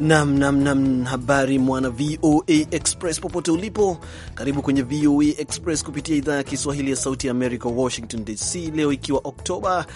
Nam, nam, nam. Habari mwana VOA Express popote ulipo, karibu kwenye VOA Express kupitia idhaa ya Kiswahili ya Sauti ya America, Washington DC. Leo ikiwa Oktoba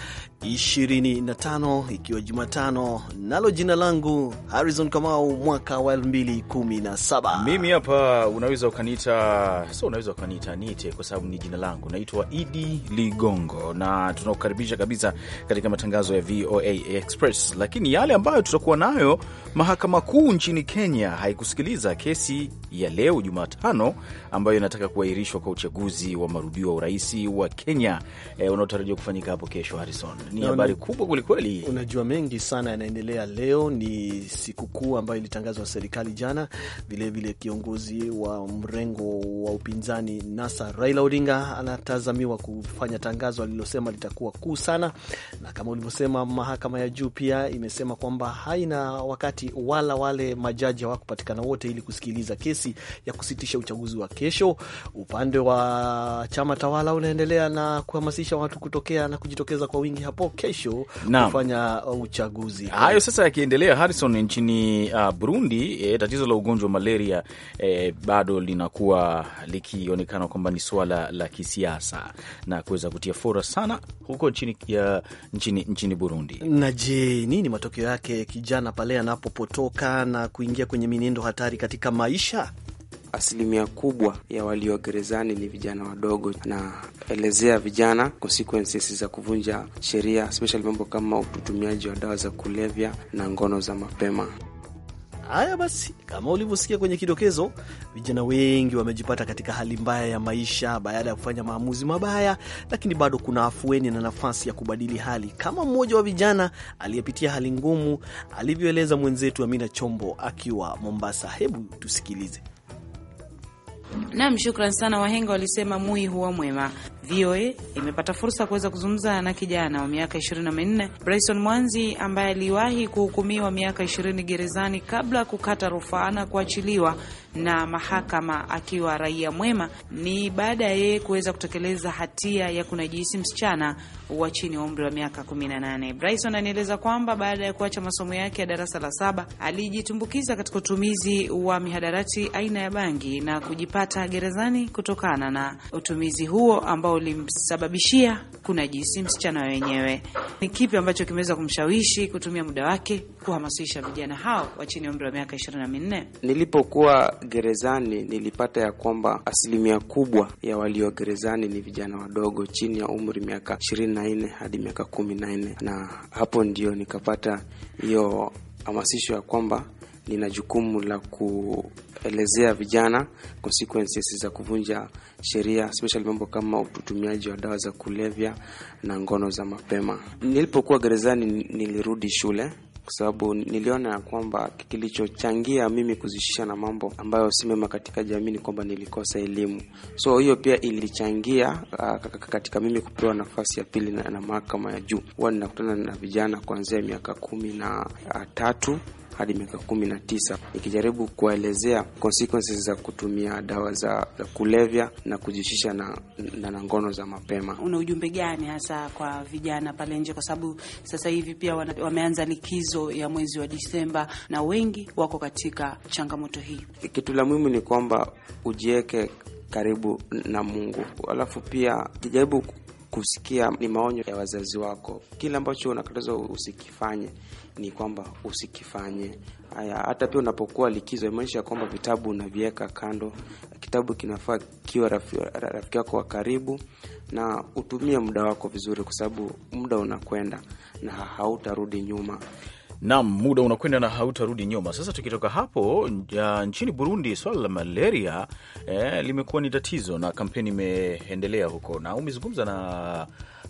25 ikiwa Jumatano, nalo jina langu Harrison Kamau, mwaka wa 2017. Mimi hapa unaweza ukaniita, so unaweza ukaniita niite kwa sababu ni jina langu, naitwa Idi Ligongo na tunakukaribisha kabisa katika matangazo ya VOA Express, lakini yale ambayo tutakuwa nayo mahakama Mahakama Kuu nchini Kenya haikusikiliza kesi ya leo Jumatano ambayo inataka kuahirishwa kwa uchaguzi wa marudio wa urais wa Kenya e, unaotarajiwa kufanyika hapo kesho. Harrison, ni habari kubwa kwelikweli. Unajua mengi sana yanaendelea leo. Ni sikukuu ambayo ilitangazwa serikali jana. Vilevile vile kiongozi wa mrengo wa upinzani NASA Raila Odinga anatazamiwa kufanya tangazo alilosema litakuwa kuu sana, na kama ulivyosema, mahakama ya juu pia imesema kwamba haina wakati wala mjadala, wale majaji hawakupatikana wote, ili kusikiliza kesi ya kusitisha uchaguzi wa kesho. Upande wa chama tawala unaendelea na kuhamasisha watu kutokea na kujitokeza kwa wingi hapo kesho na kufanya uh, uchaguzi hayo. Sasa yakiendelea, Harrison, nchini uh, Burundi, eh, tatizo la ugonjwa wa malaria eh, bado linakuwa likionekana kwamba ni suala la kisiasa na kuweza kutia fora sana huko nchini, ya, nchini, nchini Burundi. Na je, nini matokeo yake kijana pale anapopotoka kutoka na kuingia kwenye minendo hatari katika maisha? Asilimia kubwa ya walio gerezani ni vijana wadogo. Naelezea vijana consequences za kuvunja sheria, especially mambo kama utumiaji wa dawa za kulevya na ngono za mapema. Haya basi, kama ulivyosikia kwenye kidokezo, vijana wengi wamejipata katika hali mbaya ya maisha baada ya kufanya maamuzi mabaya, lakini bado kuna afueni na nafasi ya kubadili hali, kama mmoja wa vijana aliyepitia hali ngumu alivyoeleza mwenzetu Amina Chombo akiwa Mombasa. Hebu tusikilize. Naam, shukran sana. Wahenga walisema mui huwa mwema. VOA imepata fursa kuweza kuzungumza na kijana wa miaka 24 Bryson Mwanzi ambaye aliwahi kuhukumiwa miaka 20 gerezani kabla ya kukata rufaa na kuachiliwa na mahakama akiwa raia mwema. Ni baada ya yeye kuweza kutekeleza hatia ya kunajisi msichana wa chini ya umri wa miaka 18. Bryson anaeleza kwamba baada ya kuacha masomo yake ya darasa la saba alijitumbukiza katika utumizi wa mihadarati aina ya bangi na kujipata gerezani kutokana na utumizi huo ambao ambao ulimsababishia kunajisi msichana wenyewe. Ni kipi ambacho kimeweza kumshawishi kutumia muda wake kuhamasisha vijana hao wa chini ya umri wa miaka na minne Nilipokuwa gerezani, nilipata ya kwamba asilimia kubwa ya walio gerezani ni vijana wadogo chini ya umri miaka ishirini na nne hadi miaka kumi na nne na hapo ndio nikapata hiyo hamasisho ya kwamba lina jukumu la kuelezea vijana consequences za kuvunja sheria, especially mambo kama utumiaji wa dawa za kulevya na ngono za mapema. Nilipokuwa gerezani, nilirudi shule kwa sababu niliona ya kwamba kilichochangia mimi kuzishisha na mambo ambayo si mema katika jamii ni kwamba nilikosa elimu. So hiyo pia ilichangia uh, katika mimi kupewa nafasi ya pili na, na mahakama ya juu. Huwa ninakutana na vijana kuanzia miaka kumi na uh, tatu hadi miaka kumi na tisa, nikijaribu kuwaelezea consequences za kutumia dawa za, kulevya na kujihusisha na, na, na ngono za mapema. Una ujumbe gani hasa kwa vijana pale nje, kwa sababu sasa hivi pia wameanza likizo ya mwezi wa Disemba na wengi wako katika changamoto hii? Kitu la muhimu ni kwamba ujiweke karibu na Mungu, alafu pia kijaribu kusikia ni maonyo ya wazazi wako. Kile ambacho unakatazwa usikifanye ni kwamba usikifanye. Haya, hata pia unapokuwa likizo, imaanisha kwamba vitabu unaviweka kando. Kitabu kinafaa kiwa rafiki yako wa karibu, na utumie muda wako vizuri, kwa sababu muda unakwenda na hautarudi nyuma. Naam, muda unakwenda na hautarudi nyuma. Sasa tukitoka hapo ya, nchini Burundi swala la malaria eh, limekuwa ni tatizo na kampeni imeendelea huko, na umezungumza na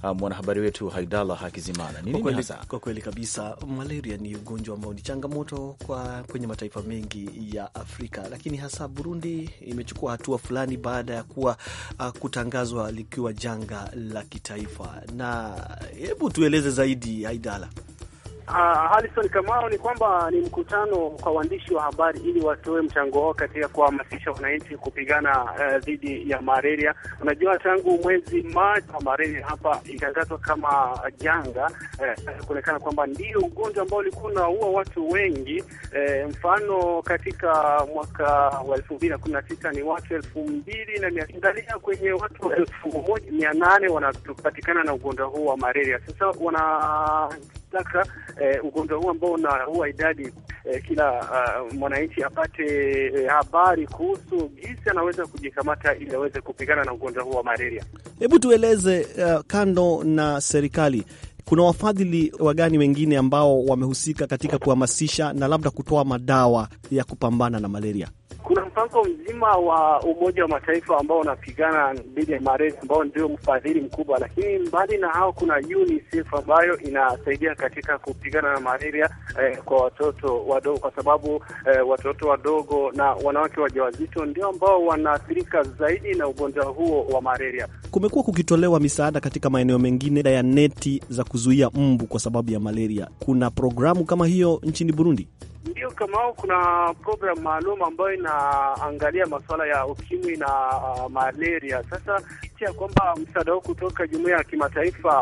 ah, mwanahabari wetu Haidala Hakizimana. Nini kwa kweli, kwa kweli kabisa malaria ni ugonjwa ambao ni changamoto kwa kwenye mataifa mengi ya Afrika, lakini hasa Burundi imechukua hatua fulani baada ya kuwa uh, kutangazwa likiwa janga la kitaifa. Na hebu tueleze zaidi Haidala. Uh, ah, Harrison Kamao, ni kwamba ni mkutano kwa waandishi wa habari ili watoe mchango wao katika kuhamasisha wananchi kupigana uh, dhidi ya malaria. Unajua, tangu mwezi Machi wa malaria hapa ikatangazwa kama janga uh, kuonekana kwamba ndio ugonjwa ambao ulikuwa unaua watu wengi uh, mfano katika mwaka wa elfu mbili na kumi na ni watu elfu mbili na mia angalia kwenye watu elfu moja mia nane wanapatikana na ugonjwa huu wa malaria. Sasa wana mashtaka eh, ugonjwa huu ambao unaua idadi eh, kila uh, mwananchi apate eh, habari kuhusu jinsi anaweza kujikamata ili aweze kupigana na ugonjwa huu wa malaria. Hebu tueleze uh, kando na serikali kuna wafadhili wagani wengine ambao wamehusika katika kuhamasisha na labda kutoa madawa ya kupambana na malaria? kuna mpango mzima wa Umoja wa Mataifa ambao unapigana dhidi ya malaria ambao ndio mfadhili mkubwa, lakini mbali na hao kuna UNICEF ambayo inasaidia katika kupigana na malaria eh, kwa watoto wadogo, kwa sababu eh, watoto wadogo na wanawake wajawazito ndio ambao wanaathirika zaidi na ugonjwa huo wa malaria. Kumekuwa kukitolewa misaada katika maeneo mengine ya neti za kuzuia mbu kwa sababu ya malaria. Kuna programu kama hiyo nchini Burundi? Ndio, kama kuna programu maalum ambayo ina inaangalia masuala ya ukimwi na uh, malaria. Sasa ya kwamba msaada huu kutoka jumuiya ya kimataifa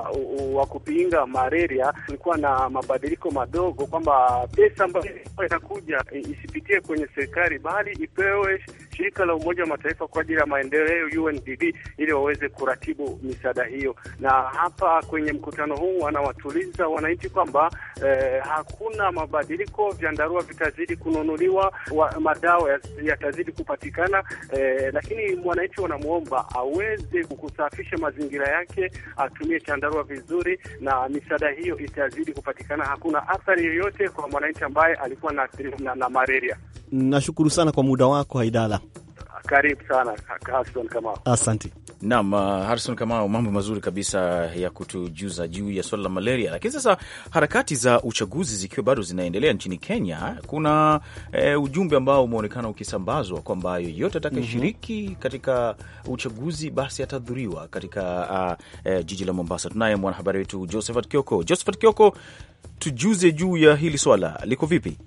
wa kupinga malaria ulikuwa na mabadiliko madogo, kwamba pesa ambayo inakuja isipitie kwenye serikali, bali ipewe shirika la Umoja wa Mataifa kwa ajili ya maendeleo UNDP, ili waweze kuratibu misaada hiyo. Na hapa kwenye mkutano huu wanawatuliza wananchi kwamba eh, hakuna mabadiliko, vyandarua vitazidi kununuliwa, madawa yatazidi kupatikana, eh, lakini mwananchi wanamwomba aweze kusafisha mazingira yake, atumie chandarua vizuri, na misaada hiyo itazidi kupatikana. Hakuna athari yoyote kwa mwananchi ambaye alikuwa na, na, na malaria. Nashukuru sana kwa muda wako Haidala. Karibu sana Harison Kamau. Asante. Naam, uh, Harison Kamau, mambo mazuri kabisa ya kutujuza juu ya swala la malaria. Lakini sasa harakati za uchaguzi zikiwa bado zinaendelea nchini Kenya, kuna e, ujumbe ambao umeonekana ukisambazwa kwamba yoyote atakayeshiriki mm -hmm. katika uchaguzi basi atadhuriwa katika e, jiji la Mombasa. Tunaye mwanahabari wetu Josephat Kioko. Josephat Kioko, tujuze juu ya hili swala, liko vipi?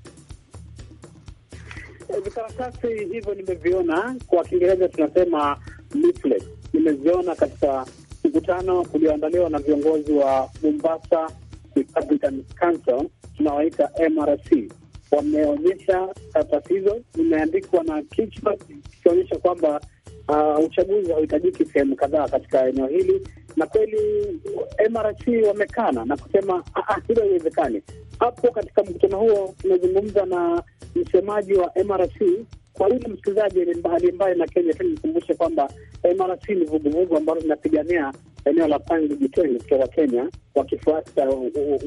vikaratasi hivyo nimeviona, kwa Kiingereza tunasema leaflet, nimeziona katika mkutano ulioandaliwa na viongozi wa Mombasa Republican Council, tunawaita MRC. Wameonyesha karatasi hizo, imeandikwa na kichwa ikionyesha kwamba uh, uchaguzi hauhitajiki sehemu kadhaa katika eneo hili, na kweli MRC wamekana na kusema ah, ah, hilo haiwezekani. Hapo katika mkutano huo tumezungumza na msemaji wa MRC. Kwa yule msikilizaji aliye mbali na Kenya, tu nikumbushe kwamba MRC ni vuguvugu ambalo linapigania eneo la pani Jitenge kutoka Kenya, wakifuata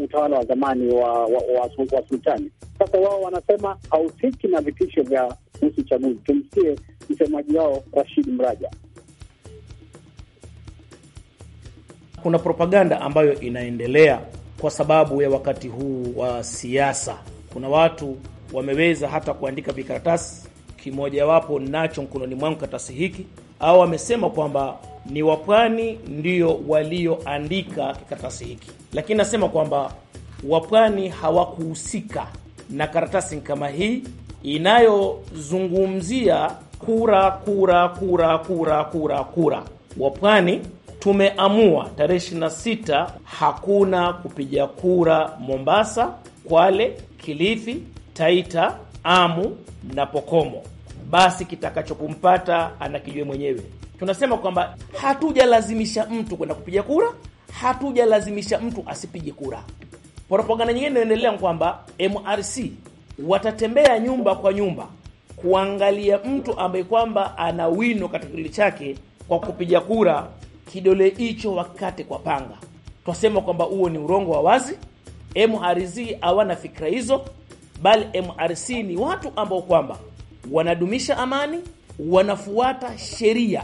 utawala wa zamani wa, wa, wa, wa sultani. Sasa wao wanasema hahusiki na vitisho vya kuhusu uchaguzi. Tumsikie msemaji wao Rashid Mraja. Kuna propaganda ambayo inaendelea kwa sababu ya wakati huu wa siasa. Kuna watu wameweza hata kuandika vikaratasi, kimojawapo nacho mkononi mwangu karatasi hiki, au wamesema kwamba ni wapwani ndio walioandika kikaratasi hiki, lakini nasema kwamba wapwani hawakuhusika na karatasi kama hii inayozungumzia kura kura kura kura kura kura. Wapwani tumeamua tarehe 26 hakuna kupiga kura Mombasa, Kwale, Kilifi, Taita, Amu na Pokomo. Basi kitakachokumpata anakijue mwenyewe. Tunasema kwamba hatujalazimisha mtu kwenda kupiga kura, hatujalazimisha mtu asipige kura. Propaganda nyingine inaendelea kwamba MRC watatembea nyumba kwa nyumba kuangalia mtu ambaye kwamba ana wino katika kidole chake kwa kupiga kura kidole hicho wakate kwa panga. Twasema kwamba huo ni urongo wa wazi. MRC hawana fikra hizo, bali MRC ni watu ambao kwamba wanadumisha amani, wanafuata sheria.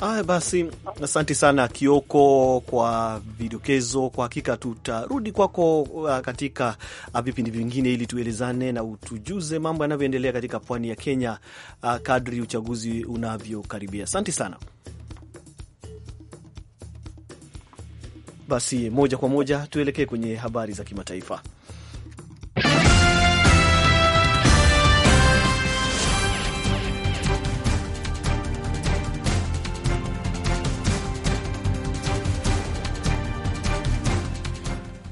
Aya, basi asante sana Kioko kwa vidokezo. Kwa hakika tutarudi kwako uh, katika uh, vipindi vingine, ili tuelezane na utujuze mambo yanavyoendelea katika pwani ya Kenya uh, kadri uchaguzi unavyokaribia. Asante sana. Basi moja kwa moja tuelekee kwenye habari za kimataifa.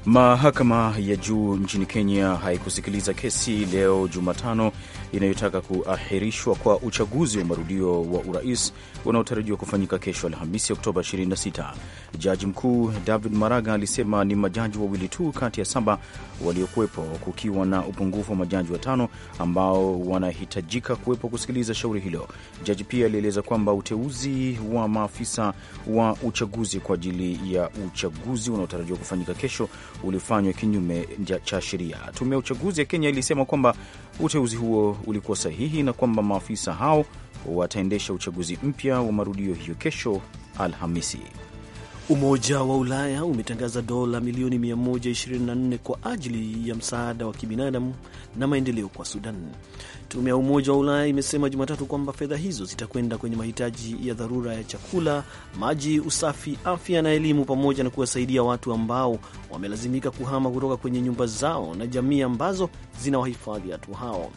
Mahakama ya juu nchini Kenya haikusikiliza kesi leo Jumatano inayotaka kuahirishwa kwa uchaguzi wa marudio wa urais unaotarajiwa kufanyika kesho Alhamisi, Oktoba 26. Jaji mkuu David Maraga alisema ni majaji wawili tu kati ya saba waliokuwepo, kukiwa na upungufu wa majaji watano ambao wanahitajika kuwepo kusikiliza shauri hilo. Jaji pia alieleza kwamba uteuzi wa maafisa wa uchaguzi kwa ajili ya uchaguzi unaotarajiwa kufanyika kesho ulifanywa kinyume cha sheria. Tume ya uchaguzi ya Kenya ilisema kwamba uteuzi huo ulikuwa sahihi na kwamba maafisa hao wataendesha uchaguzi mpya wa marudio hiyo kesho Alhamisi. Umoja wa Ulaya umetangaza dola milioni 124 kwa ajili ya msaada wa kibinadamu na maendeleo kwa Sudan. Tume ya Umoja wa Ulaya imesema Jumatatu kwamba fedha hizo zitakwenda kwenye mahitaji ya dharura ya chakula, maji, usafi, afya na elimu, pamoja na kuwasaidia watu ambao wamelazimika kuhama kutoka kwenye nyumba zao na jamii ambazo zinawahifadhi watu hao.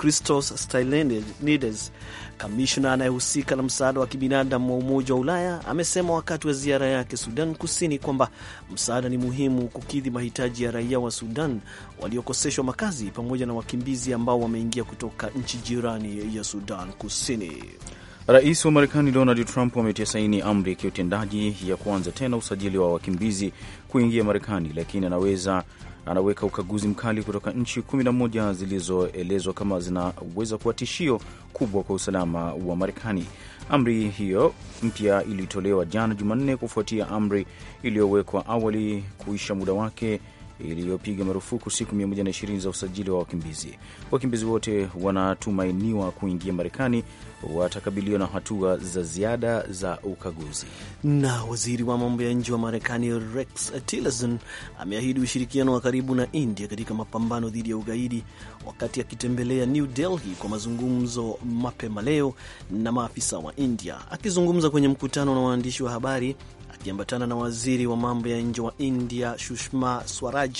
Christos Stylianides, kamishna anayehusika na msaada wa kibinadamu wa Umoja wa Ulaya, amesema wakati wa ziara yake Sudan Kusini kwamba msaada ni muhimu kukidhi mahitaji ya raia wa Sudan waliokoseshwa makazi pamoja na wakimbizi ambao wameingia kutoka nchi jirani ya Sudan Kusini. Rais wa Marekani Donald Trump ametia saini amri ya kiutendaji ya kuanza tena usajili wa wakimbizi kuingia Marekani, lakini anaweza anaweka ukaguzi mkali kutoka nchi 11 zilizoelezwa kama zinaweza kuwa tishio kubwa kwa usalama wa Marekani. Amri hiyo mpya ilitolewa jana Jumanne kufuatia amri iliyowekwa awali kuisha muda wake iliyopiga marufuku siku 120 za usajili wa wakimbizi. Wakimbizi wote wanatumainiwa kuingia Marekani watakabiliwa na hatua za ziada za ukaguzi. Na waziri wa mambo ya nje wa Marekani Rex Tillerson ameahidi ushirikiano wa karibu na India katika mapambano dhidi ya ugaidi wakati akitembelea New Delhi kwa mazungumzo mapema leo na maafisa wa India. Akizungumza kwenye mkutano na waandishi wa habari akiambatana na waziri wa mambo ya nje wa India Sushma Swaraj.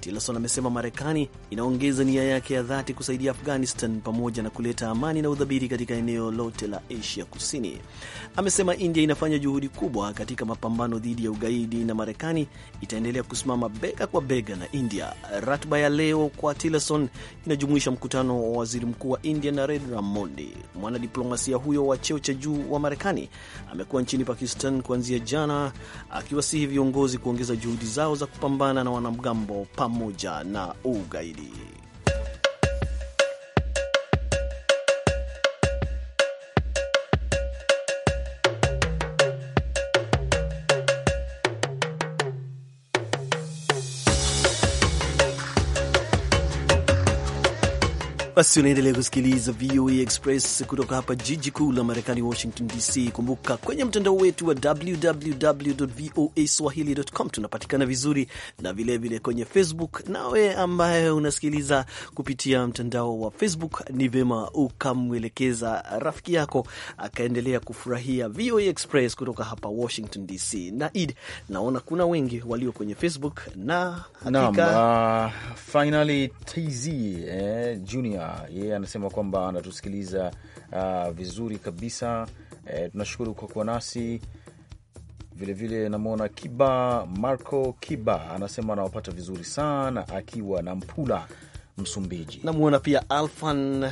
Tillerson amesema Marekani inaongeza nia yake ya dhati kusaidia Afghanistan pamoja na kuleta amani na udhabiti katika eneo lote la Asia Kusini. Amesema India inafanya juhudi kubwa katika mapambano dhidi ya ugaidi na Marekani itaendelea kusimama bega kwa bega na India. Ratiba ya leo kwa Tillerson inajumuisha mkutano wa waziri mkuu wa India Narendra Modi. Mwanadiplomasia huyo wa cheo cha juu wa Marekani amekuwa nchini Pakistan kuanzia jana Bwana akiwasihi viongozi kuongeza juhudi zao za kupambana na wanamgambo pamoja na ugaidi. Basi unaendelea kusikiliza VOA Express kutoka hapa jiji kuu la Marekani, Washington DC. Kumbuka kwenye mtandao wetu wa www voa swahili.com tunapatikana vizuri, na vilevile vile kwenye Facebook. Nawe ambaye unasikiliza kupitia mtandao wa Facebook, ni vyema ukamwelekeza rafiki yako akaendelea kufurahia VOA Express kutoka hapa Washington DC. Na Id, naona kuna wengi walio kwenye Facebook na hakika... Naam, uh, finally TZ, eh, Junior Mwaga yeye yeah, anasema kwamba anatusikiliza uh, vizuri kabisa eh, tunashukuru kwa kuwa nasi vilevile. Namwona Kiba Marco Kiba anasema anawapata vizuri sana akiwa na Mpula Msumbiji. Namwona pia Alfan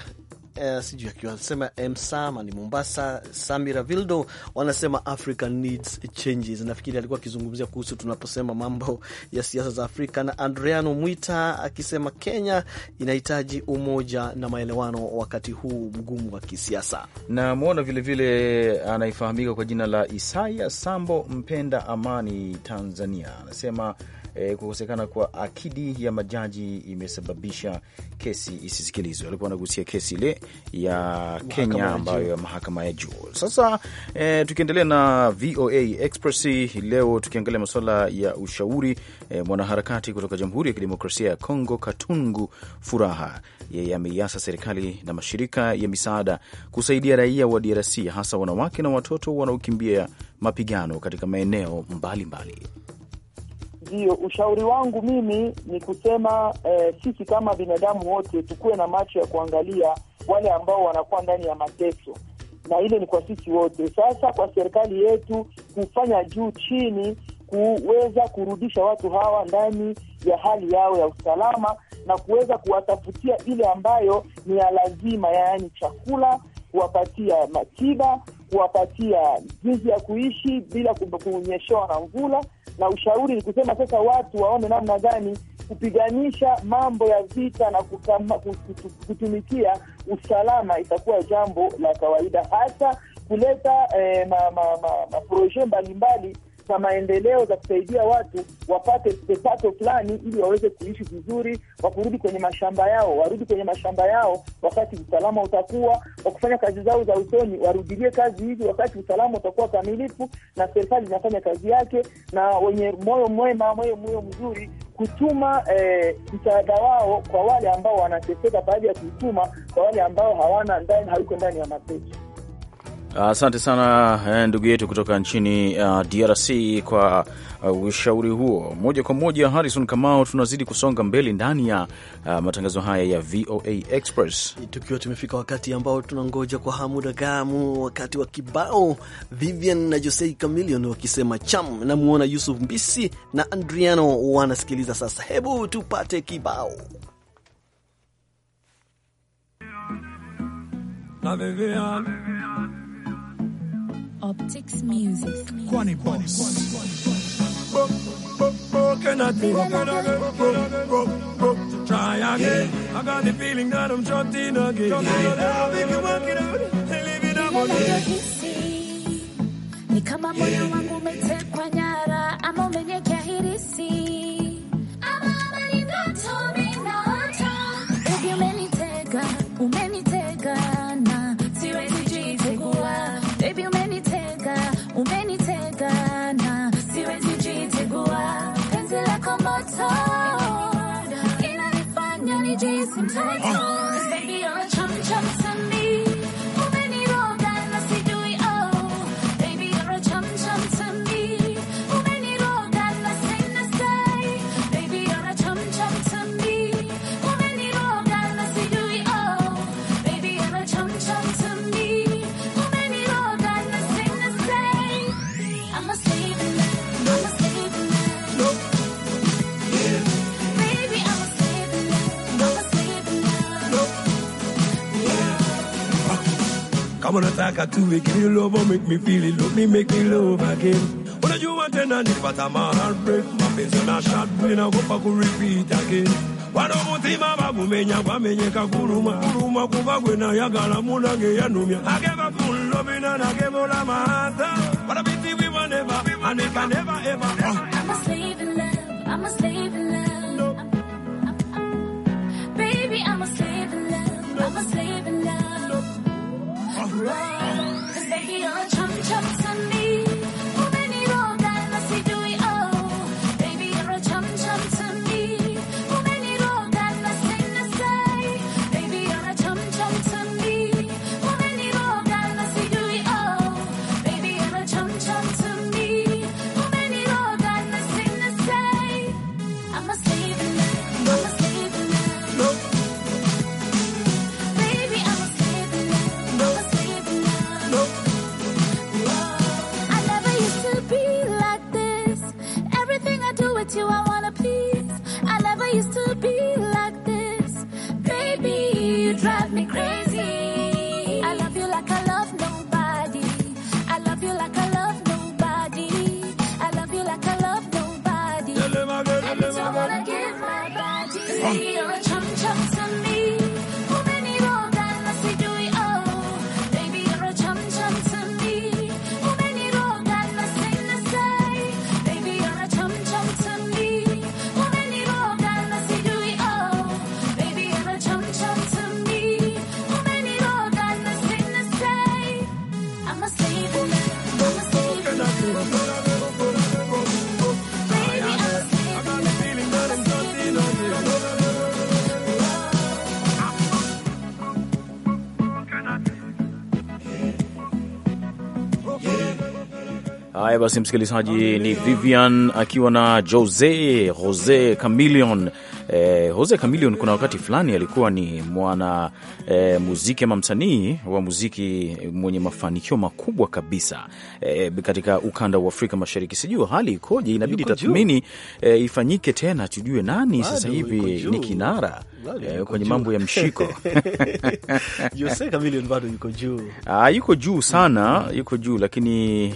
eh, sijui akiwasema Msam ni Mombasa, Samira Vildo wanasema Africa needs changes. Nafikiri alikuwa akizungumzia kuhusu tunaposema mambo ya siasa za Afrika, na Andreano Mwita akisema Kenya inahitaji umoja na maelewano wakati huu mgumu wa kisiasa. Na mwona vilevile anayefahamika kwa jina la Isaya Sambo Mpenda Amani Tanzania anasema e, kukosekana kwa akidi ya majaji imesababisha kesi isisikilizwe. Alikuwa anagusia kesi ile ya Kenya ambayo ya mahakama ya juu. Sasa e, tukiendelea na VOA Express leo tukiangalia masuala ya ushauri e, mwanaharakati kutoka Jamhuri ya Kidemokrasia ya Kongo Katungu Furaha yeye ameiasa serikali na mashirika ya misaada kusaidia raia wa DRC hasa wanawake na watoto wanaokimbia mapigano katika maeneo mbalimbali mbali ndio ushauri wangu mimi ni kusema eh, sisi kama binadamu wote tukuwe na macho ya kuangalia wale ambao wanakuwa ndani ya mateso, na ile ni kwa sisi wote. Sasa kwa serikali yetu kufanya juu chini kuweza kurudisha watu hawa ndani ya hali yao ya usalama na kuweza kuwatafutia ile ambayo ni ya lazima, yaani chakula, kuwapatia matiba kuwapatia jinsi ya kuishi bila kunyeshewa na mvula, na ushauri ni kusema sasa watu waone namna gani kupiganisha mambo ya vita na kutama, kutumikia usalama itakuwa jambo la kawaida, hasa kuleta eh, maproje ma, ma, ma mbalimbali za maendeleo za kusaidia watu wapate vipato fulani, ili waweze kuishi vizuri, wakurudi kwenye mashamba yao, warudi kwenye mashamba yao wakati usalama utakuwa wa kufanya kazi zao za usoni, warudilie kazi hizi wakati usalama utakuwa kamilifu, na serikali inafanya kazi yake, na wenye moyo mwema, moyo moyo mzuri kutuma eh, wao kwa wale ambao wanateseka, baada ya kuituma kwa wale ambao hawana ndani, hayuko ndani ya mapeji Asante sana eh, ndugu yetu kutoka nchini uh, eh, DRC kwa uh, ushauri huo. Moja kwa moja, Harrison Kamao, tunazidi kusonga mbele ndani ya uh, matangazo haya ya VOA Express, tukiwa tumefika wakati ambao tunangoja kwa hamu na gamu, wakati wa kibao Vivian na Jose Camilion wakisema cham. Namwona Yusuf Mbisi na Andriano wanasikiliza sasa. Hebu tupate kibao na Vivian Optics Music. Kwani Boss. Can I do? Can I go? Go, to try again. Yeah. I got the feeling that I'm shutting again. Yeah. I'll be working out and living up again. Ni kama moyo wangu umetekwa nyara Come on, attack a two week, you love, oh, make me feel it, love me, make me love again. What do you want to I need, but I'm a heartbreak, my face on a shot, when I go back, repeat again. vanomutima vakumenya kwamenye kakuruma kuruma kuva kwenayagala munange yanumya akevakunlovina nakevola maata vanavitivivaneva anekaneva eva I'm a slave in love. I'm a slave in love. I'm a slave in love. Cause they you all the chum chum Sunday. Haya basi, msikilizaji, ni Vivian akiwa na Jose Jose Camillion eh, Jose Chameleone kuna wakati fulani alikuwa ni mwana eh, muziki ama msanii wa muziki mwenye mafanikio makubwa kabisa eh, katika ukanda wa Afrika Mashariki. Sijua hali ikoje, inabidi tathmini eh, ifanyike tena tujue nani sasa hivi ni kinara eh, kwenye mambo ya mshiko Jose Chameleone bado yuko juu. Ah, yuko juu sana, yuko juu lakini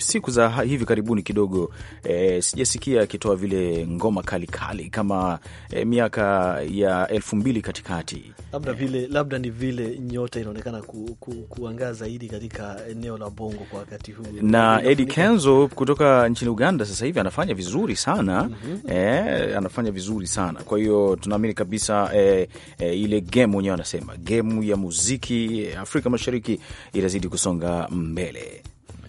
siku za hivi karibuni kidogo eh, sijasikia akitoa vile ngoma kali kali kama e, miaka ya elfu mbili katikati, labda vile, labda ni vile nyota inaonekana ku, ku, kuangaa zaidi katika eneo la bongo kwa wakati huu, na Eddie Kenzo kutoka nchini Uganda sasa hivi anafanya vizuri sana mm -hmm. E, anafanya vizuri sana kwa hiyo tunaamini kabisa e, e, ile gemu wenyewe anasema gemu ya muziki Afrika Mashariki itazidi kusonga mbele.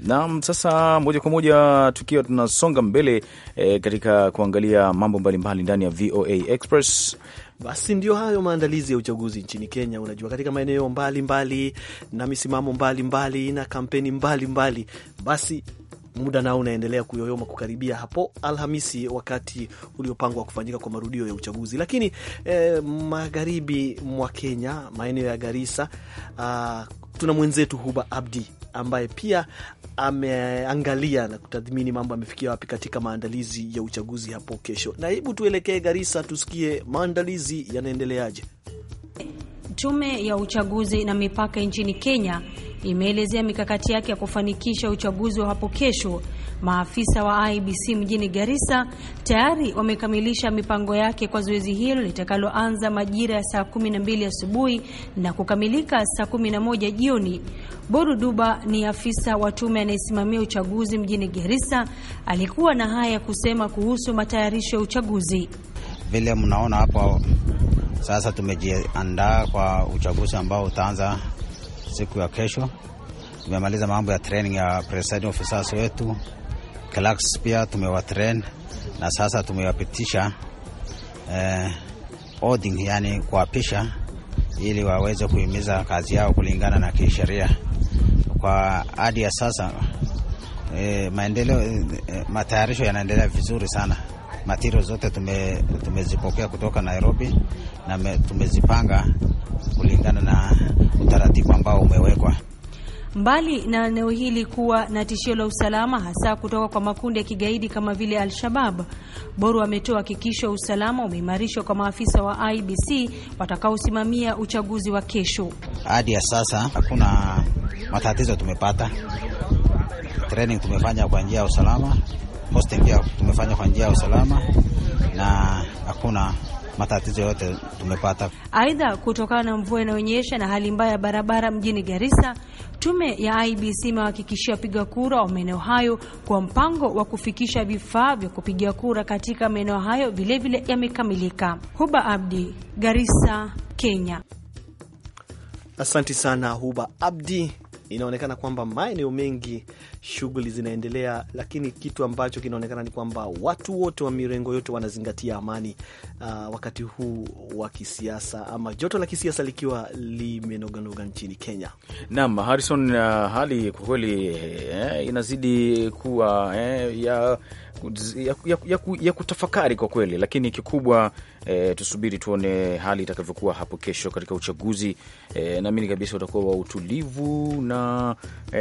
Naam, sasa moja kwa moja tukiwa tunasonga mbele e, katika kuangalia mambo mbalimbali ndani ya VOA Express. Basi ndio hayo maandalizi ya uchaguzi nchini Kenya, unajua katika maeneo mbalimbali na misimamo mbalimbali mbali, na kampeni mbalimbali mbali. Basi muda nao unaendelea kuyoyoma kukaribia hapo Alhamisi, wakati uliopangwa kufanyika kwa marudio ya uchaguzi. Lakini eh, magharibi mwa Kenya, maeneo ya Garissa, uh, tuna mwenzetu Huba Abdi ambaye pia ameangalia na kutathmini mambo amefikia wapi katika maandalizi ya uchaguzi hapo kesho. Na hebu tuelekee Garissa tusikie maandalizi yanaendeleaje. Tume ya uchaguzi na mipaka nchini Kenya imeelezea mikakati yake ya kufanikisha uchaguzi wa hapo kesho. Maafisa wa IBC mjini Garissa tayari wamekamilisha mipango yake kwa zoezi hilo litakaloanza majira ya saa 12 asubuhi na kukamilika saa moja jioni. Boru Duba ni afisa wa tume anayesimamia uchaguzi mjini Garissa, alikuwa na haya ya kusema kuhusu matayarisho ya uchaguzi. Vile mnaona hapo, sasa tumejiandaa kwa uchaguzi ambao utaanza siku ya kesho. Tumemaliza mambo ya training ya presiding officers wetu clerks, pia tumewatrain na sasa tumewapitisha eh, auditing, yani kuapisha ili waweze kuhimiza kazi yao kulingana na kisheria. Kwa hadi ya sasa eh, maendeleo eh, matayarisho yanaendelea vizuri sana. Matiro zote tume, tumezipokea kutoka Nairobi na me, tumezipanga kulingana na utaratibu ambao umewekwa. Mbali na eneo hili kuwa na tishio la usalama hasa kutoka kwa makundi ya kigaidi kama vile Al-Shabab, Boru ametoa hakikisho usalama umeimarishwa kwa maafisa wa IBC watakaosimamia uchaguzi wa kesho. Hadi ya sasa hakuna matatizo tumepata, training tumefanya kwa njia ya usalama, hosting pia tumefanya kwa njia ya usalama na hakuna matatizo yote tumepata. Aidha, kutokana na mvua inayonyesha na hali mbaya ya barabara mjini Garissa, tume ya IBC imehakikishia wapiga kura wa maeneo hayo kwa mpango wa kufikisha vifaa vya kupiga kura katika maeneo hayo vilevile yamekamilika. Huba Abdi, Garissa, Kenya. Asante sana Huba Abdi inaonekana kwamba maeneo mengi shughuli zinaendelea, lakini kitu ambacho kinaonekana ni kwamba watu wote wa mirengo yote wanazingatia amani uh, wakati huu wa kisiasa ama joto la kisiasa likiwa limenoganoga nchini Kenya. Naam, Harrison, uh, hali kwa kweli eh, inazidi kuwa eh, ya ya, ya, ya, ya kutafakari kwa kweli, lakini kikubwa e, tusubiri tuone hali itakavyokuwa hapo kesho katika uchaguzi e, naamini kabisa utakuwa wa utulivu na e,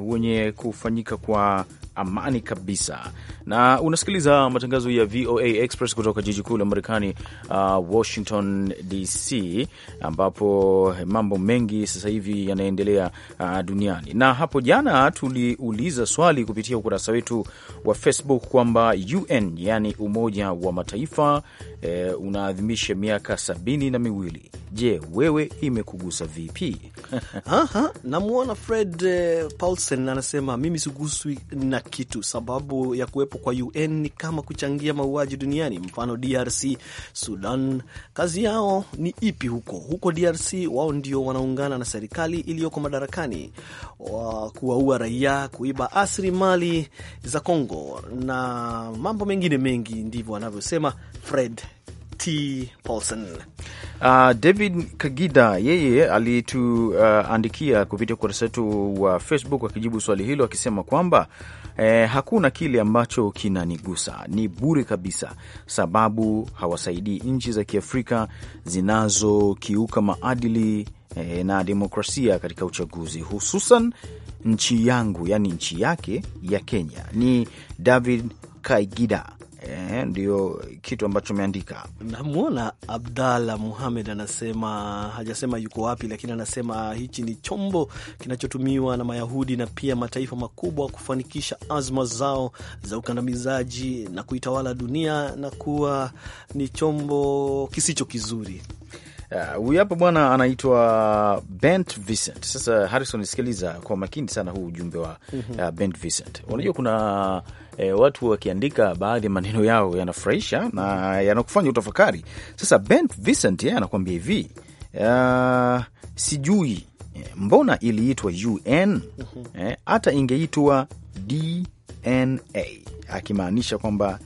wenye kufanyika kwa amani kabisa. Na unasikiliza matangazo ya VOA Express kutoka jiji kuu la Marekani, uh, Washington DC, ambapo mambo mengi sasa hivi yanaendelea uh, duniani. Na hapo jana tuliuliza swali kupitia ukurasa wetu wa Facebook kwamba UN, yani Umoja wa Mataifa, eh, unaadhimisha miaka sabini na miwili. Je, wewe imekugusa vipi? namwona Fred eh, Paulsen anasema mimi siguswi na kitu. Sababu ya kuwepo kwa UN ni kama kuchangia mauaji duniani, mfano DRC, Sudan. Kazi yao ni ipi huko? Huko DRC wao ndio wanaungana na serikali iliyoko madarakani wa kuwaua raia, kuiba asri mali za congo na mambo mengine mengi, ndivyo wanavyosema Fred T. Paulson. Uh, ah, David Kagida yeye alituandikia uh, kupitia ukurasa wetu wa Facebook akijibu swali hilo akisema kwamba eh, hakuna kile ambacho kinanigusa, ni bure kabisa, sababu hawasaidii nchi za Kiafrika zinazokiuka maadili eh, na demokrasia katika uchaguzi, hususan nchi yangu, yani nchi yake ya Kenya. Ni David Kaigida Eh, ndio kitu ambacho umeandika. Namwona Abdalla Muhamed anasema, hajasema yuko wapi, lakini anasema hichi ni chombo kinachotumiwa na Mayahudi na pia mataifa makubwa kufanikisha azma zao za ukandamizaji na kuitawala dunia na kuwa ni chombo kisicho kizuri. Uh, huyu hapa bwana anaitwa Bent Vincent. Sasa Harrison, sikiliza kwa makini sana huu ujumbe wa mm -hmm. uh, Bent Vincent. Unajua kuna E, watu wakiandika baadhi ya maneno yao yanafurahisha na yanakufanya utafakari. Sasa Bent Vincent yeye anakuambia hivi uh, sijui eh, mbona iliitwa UN mhm. eh, hata mm -hmm. e, ingeitwa DNA, akimaanisha kwamba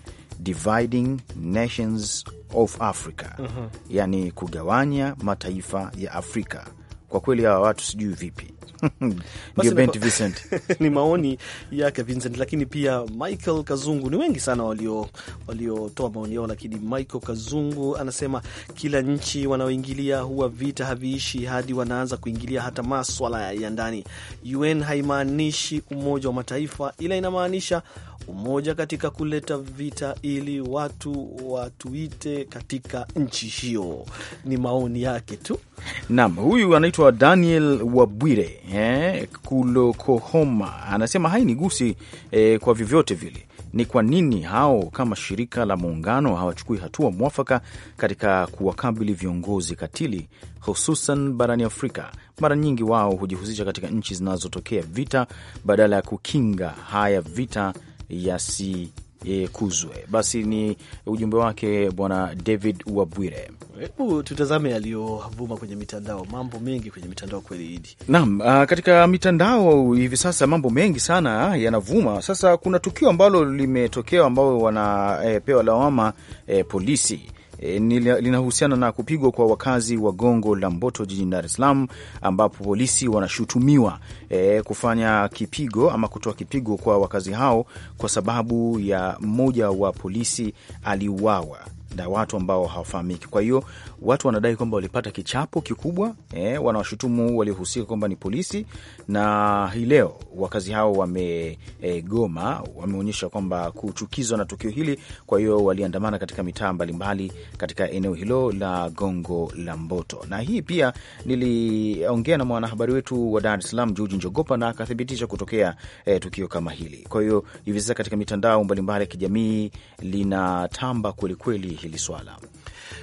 Dividing Nations of Africa mm -hmm. Yani kugawanya mataifa ya Afrika. Kwa kweli hawa watu sijui vipi Bent Vincent ni maoni yake Vincent, lakini pia Michael Kazungu, ni wengi sana waliotoa walio maoni yao, lakini Michael Kazungu anasema kila nchi wanaoingilia huwa vita haviishi hadi wanaanza kuingilia hata maswala ya ndani. UN haimaanishi Umoja wa Mataifa, ila inamaanisha umoja katika kuleta vita ili watu watuite katika nchi hiyo. Ni maoni yake tu. Naam, huyu anaitwa Daniel Wabwire eh, Kulokohoma anasema hai gusi eh, kwa vyovyote vile. Ni kwa nini hao kama shirika la muungano hawachukui hatua mwafaka katika kuwakabili viongozi katili, hususan barani Afrika? Mara nyingi wao hujihusisha katika nchi zinazotokea vita badala ya kukinga haya vita yasikuzwe. Basi ni ujumbe wake Bwana David Wabwire. Hebu tutazame yaliyovuma kwenye mitandao. Mambo mengi kwenye mitandao kweli, Idi. Naam, ah, katika mitandao hivi sasa mambo mengi sana yanavuma. Sasa kuna tukio ambalo limetokea, ambao wanapewa lawama e, polisi e, linahusiana na kupigwa kwa wakazi wa Gongo la Mboto jijini Dar es Salaam, ambapo polisi wanashutumiwa e, kufanya kipigo ama kutoa kipigo kwa wakazi hao kwa sababu ya mmoja wa polisi aliuawa na watu ambao hawafahamiki. Kwa hiyo watu wanadai kwamba walipata kichapo kikubwa eh, wanawashutumu waliohusika kwamba ni polisi, na hii leo wakazi hao wamegoma eh, wameonyesha kwamba kuchukizwa na tukio hili. Kwa hiyo waliandamana katika mitaa mbalimbali katika eneo hilo la Gongo la Mboto, na hii pia niliongea na mwanahabari wetu wa Dar es Salaam Njogopa na akathibitisha kutokea eh, tukio kama hili. Kwa hiyo hivi sasa katika mitandao mbalimbali ya kijamii linatamba kwelikweli hili swala.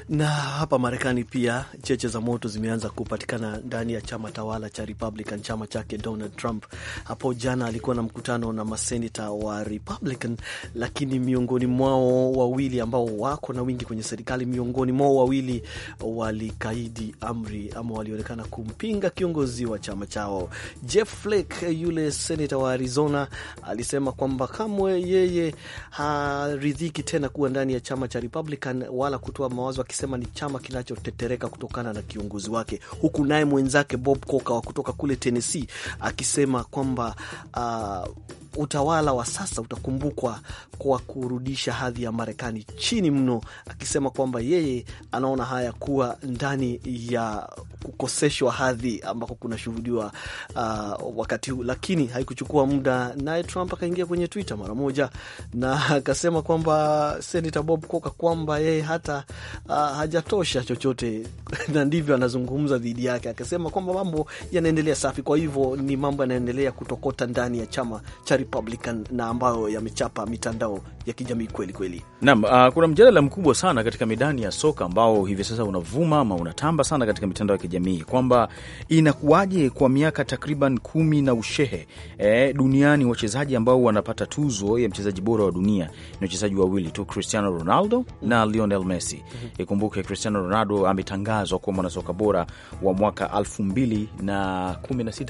Na hapa Marekani pia cheche za moto zimeanza kupatikana ndani ya chama tawala cha Republican, chama chake Donald Trump. Hapo jana alikuwa na mkutano na maseneta wa Republican, lakini miongoni mwao wawili ambao wako na wingi kwenye serikali, miongoni mwao wawili walikaidi amri ama walionekana kumpinga kiongozi wa chama chao. Jeff Flake, yule seneta wa Arizona, alisema kwamba kamwe yeye haridhiki tena kuwa ndani ya chama cha Republican wala kutoa mawazo Ambazo akisema ni chama kinachotetereka kutokana na kiongozi wake, huku naye mwenzake Bob coka wa kutoka kule Tennessee akisema kwamba uh, utawala wa sasa utakumbukwa kwa kurudisha hadhi ya Marekani chini mno, akisema kwamba yeye anaona haya kuwa ndani ya kukoseshwa hadhi ambako kunashuhudiwa uh, wakati huu. Lakini haikuchukua muda, naye Trump akaingia kwenye Twitter mara moja na akasema kwamba Senator Bob Corker kwamba yeye hata uh, hajatosha chochote na ndivyo anazungumza dhidi yake, akasema kwamba mambo yanaendelea safi, kwa hivyo ni mambo yanaendelea kutokota ndani ya chama cha Republican na ambayo yamechapa mitandao ya kijamii kweli kweli. Naam, uh, kuna mjadala mkubwa sana katika midani ya soka ambao hivi sasa unavuma ama unatamba sana katika mitandao ya kijamii kwamba inakuwaje kwa miaka takriban kumi na ushehe eh, duniani wachezaji ambao wanapata tuzo ya mchezaji bora wa dunia ni wachezaji wawili tu, Cristiano Ronaldo mm -hmm. na Lionel Messi. Mhm. Ikumbuke mm -hmm. Cristiano Ronaldo ametangazwa kuwa mwanasoka bora wa mwaka 2016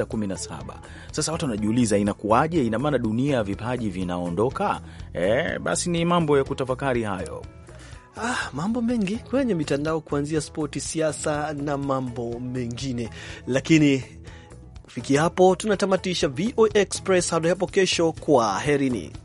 17. Sasa watu wanajiuliza inakuwaje, ina maana dunia vipaji vinaondoka? E, basi ni mambo ya kutafakari hayo. Ah, mambo mengi kwenye mitandao kuanzia spoti, siasa na mambo mengine, lakini kufikia hapo tunatamatisha VOA Express hadi hapo kesho. herini.